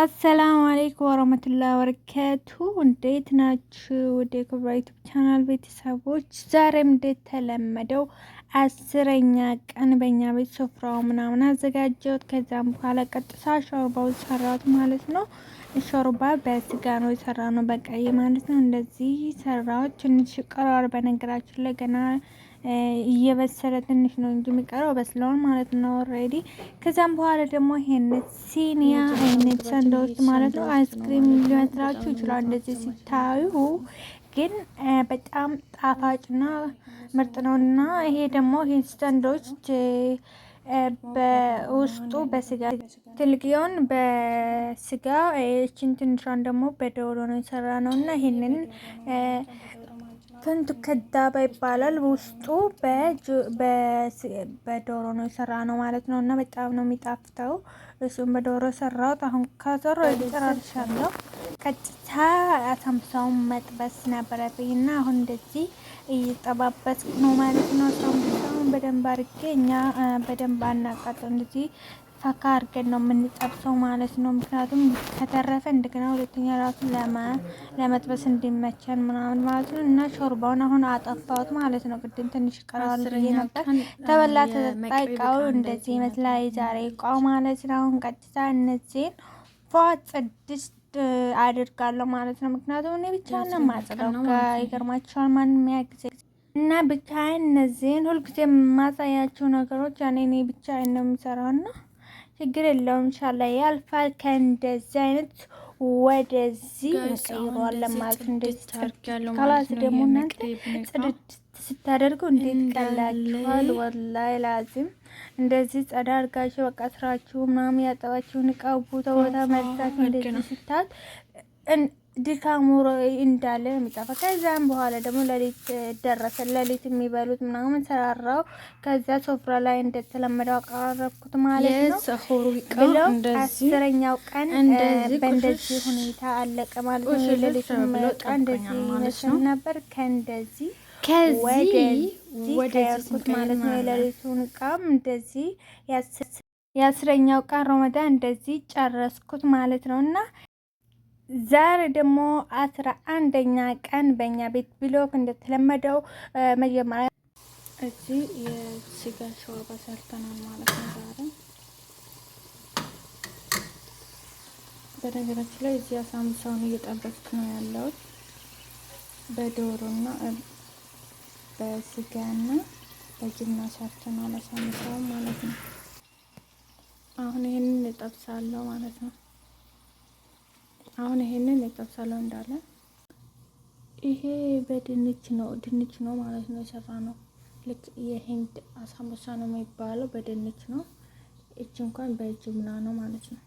አሰላሙ አሌይኩም ወረመቱላ ወበረካቱ እንዴት ናችሁ? ወደ ክብራ ዩቱብ ቻናል ቤተሰቦች ዛሬም እንደተለመደው አስረኛ ቀን በእኛ ቤት ስፍራው ምናምን አዘጋጀሁት። ከዛም በኋላ ቀጥታ ሾርባው ሰራት ማለት ነው። ሾርባ በስጋ ነው የሰራ ነው በቀይ ማለት ነው። እንደዚህ ሰራሁት። ትንሽ ቀረዋል በነገራችን ላይ ገና እየበሰለ ትንሽ ነው እንጂ የሚቀረው በስለውን ማለት ነው ኦልሬዲ። ከዚያም በኋላ ደግሞ ይሄን ሲኒያ አይነት ሰንዶች ማለት ነው አይስክሪም ሊመስላችሁ ይችላል እንደዚህ ሲታዩ፣ ግን በጣም ጣፋጭና ምርጥ ነው እና ይሄ ደግሞ ይሄን ሰንዶች በውስጡ በስጋ ትልቅየውን በስጋ ችን ትንሿን ደግሞ በዶሮ ነው የሰራ ነው እና ይህንን ፈንቱ ከዳባ ይባላል። ውስጡ በዶሮ ነው የሰራ ነው ማለት ነው። እና በጣም ነው የሚጣፍተው። እሱም በዶሮ ሰራሁት። አሁን ከዶሮ ጨራርሻለሁ። ቀጥታ አሳምሳውን መጥበስ ነበረብኝ እና አሁን እንደዚህ እየጠባበስኩ ነው ማለት ነው። አሳምሳውን በደንብ አድርጌ እኛ በደንብ አናቃጠው እንደዚህ ፈካ አድርገን ነው የምንጠብሰው ማለት ነው። ምክንያቱም ከተረፈ እንደገና ሁለተኛ ራሱ ለመጥበስ እንዲመቸን ምናምን ማለት ነው። እና ሾርባውን አሁን አጠፋሁት ማለት ነው። ቅድም ትንሽ ቀረዋል ብዬ ነበር። ተበላ ተጠጣ። እቃው እንደዚህ ይመስላል የዛሬ እቃው ማለት ነው። አሁን ቀጥታ እነዚህን ፏ ጽድስት አድርጋለሁ ማለት ነው። ምክንያቱም እኔ ብቻ ነው ማጽደው ይገርማቸዋል ማን ያ ጊዜ እና ብቻዬን እነዚህን ሁልጊዜ የማሳያቸው ነገሮች ያኔ እኔ ብቻዬን ነው የሚሰራው እና ችግር የለውም ኢንሻላህ ያልፋል። ከእንደዚህ አይነት ወደዚህ እንቀይረዋለን ማለት ነው። እንደዚህ ካላት ደግሞ እናንተ ጽድት ስታደርገው እንዴት ቀላችኋል። ወላሂ ላዚም እንደዚህ ጸዳ አድርጋችሁ በቃ ስራችሁ ምናምን ያጠባችሁን እቃ ቦታ ቦታ መልሳችሁ እንደዚህ ስታት ድካሙ እንዳለ ነው የሚጠፋ ከዚያም በኋላ ደግሞ ለሊት ደረሰ። ለሊት የሚበሉት ምናምን ሰራራው። ከዚያ ሶፍራ ላይ እንደተለመደው አቀራረብኩት ማለት ነው አስረኛው ቀን በእንደዚህ ሁኔታ አለቀ ማለት ነው። ሌሊት ቀን እንደዚህ ይመስል ነበር። ከእንደዚህ ወደዚህ ማለት ነው። የለሊቱን እቃም እንደዚህ የአስረኛው ቀን ሮመዳን እንደዚህ ጨረስኩት ማለት ነው እና ዛሬ ደግሞ አስራ አንደኛ ቀን በእኛ ቤት ብሎክ እንደተለመደው መጀመሪያ እዚህ የስጋ ሾርባ ሰርተናል ማለት ነው። ዛሬ በነገራችን ላይ እዚህ አሳምሳውን እየጠበስኩ ነው ያለሁት በዶሮና በስጋና በጅና ሰርተናል አሳምሳውን ማለት ነው። አሁን ይህንን እጠብሳለሁ ማለት ነው። አሁን ይሄንን የጠብሰለው እንዳለ ይሄ በድንች ነው፣ ድንች ነው ማለት ነው የሰራ ነው። ልክ የሂንድ አሳምቡሳ ነው የሚባለው በድንች ነው። እጅ እንኳን በጅምላ ነው ማለት ነው።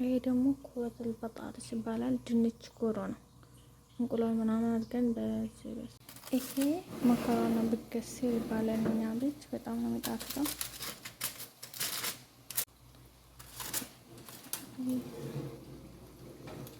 ይሄ ደግሞ ኩበቱል በጣጥስ ይባላል። ድንች ኮሮ ነው። እንቁላል ምናምን አድርገን በዚህ በስ ይሄ መኮረኒ ብገሲል ይባላል እኛ ቤት። በጣም ነው የሚጣፍጠው።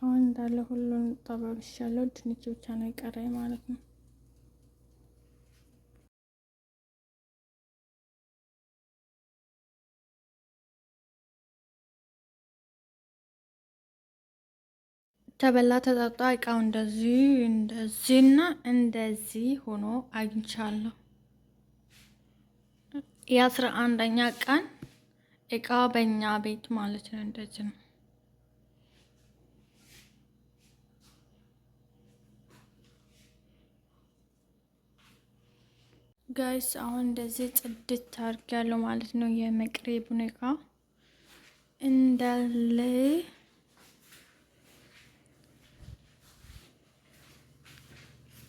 አሁን እንዳለ ሁሉን ጠባብሻለሁ። ድንች ብቻ ነው የቀረኝ ማለት ነው። ተበላ ተጠጣ። እቃው እንደዚህ እንደዚህ እና እንደዚህ ሆኖ አግኝቻለሁ። የአስራ አንደኛ ቀን እቃ በእኛ ቤት ማለት ነው። እንደዚህ ነው። ጋይስ አሁን እንደዚህ ጽድት አርግ ያለው ማለት ነው። የመቅረቡን እቃ እንዳለ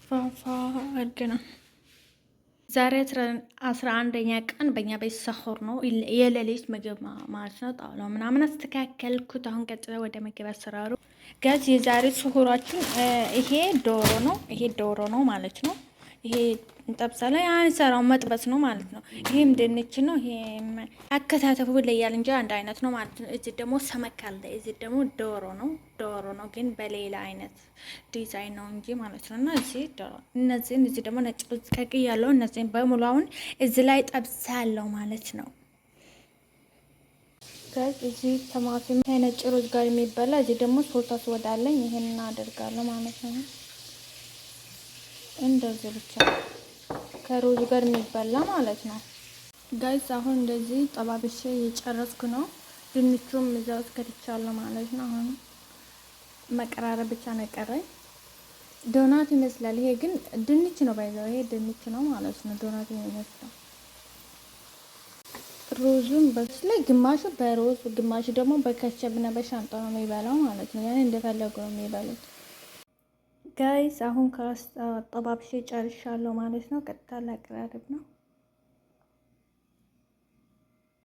ፋፋ አድርገና ዛሬ አስራ አንደኛ ቀን በእኛ ቤት ሰሆር ነው የሌሊት ምግብ ማለት ነው። ጣውላ ምናምን አስተካከልኩት። አሁን ቀጥለ ወደ ምግብ አሰራሩ ጋዝ። የዛሬ ሰሆራችን ይሄ ዶሮ ነው። ይሄ ዶሮ ነው ማለት ነው። ይሄ እንጠብሳለን። አንሰራው መጥበስ ነው ማለት ነው። ይሄም ድንች ነው። ይሄም አከታተፉ ይለያል እንጂ አንድ አይነት ነው ማለት ነው። እዚህ ደግሞ ሰመክ አለ። እዚህ ደግሞ ዶሮ ነው። ዶሮ ነው ግን በሌላ አይነት ዲዛይን ነው እንጂ ማለት ነው። እና እዚህ ዶሮ እነዚህን እዚህ ደግሞ ነጭ ሩዝ ቀቅያለሁ። እነዚህን በሙሉ አሁን እዚህ ላይ ጠብሳለው ማለት ነው። እዚህ ተማፊም ከነጭ ሩዝ ጋር የሚበላ እዚህ ደግሞ ሶስ አስወዳለኝ። ይህን እናደርጋለሁ ማለት ነው። እንደዚህ ብቻ ከሩዝ ጋር የሚበላ ማለት ነው። ጋይስ አሁን እንደዚህ ጠባብሼ እየጨረስኩ ነው። ድንቹም እዛ ውስጥ ማለት ነው። አሁን መቀራረብ ብቻ ነው የቀረኝ። ዶናት ይመስላል። ይሄ ግን ድንች ነው ባይዘው፣ ይሄ ድንች ነው ማለት ነው። ዶናት ይመስላል። ሩዙን በስለ ግማሹ በሮዝ ግማሹ ደግሞ በከቸብና በሻንጣ ነው የሚበላው ማለት ነው። ያኔ እንደፈለጉ ነው የሚበሉት። ጋይስ አሁን ከአጠባብሼ ጨርሻለሁ ማለት ነው። ቀጥታ ላቀራረብ ነው።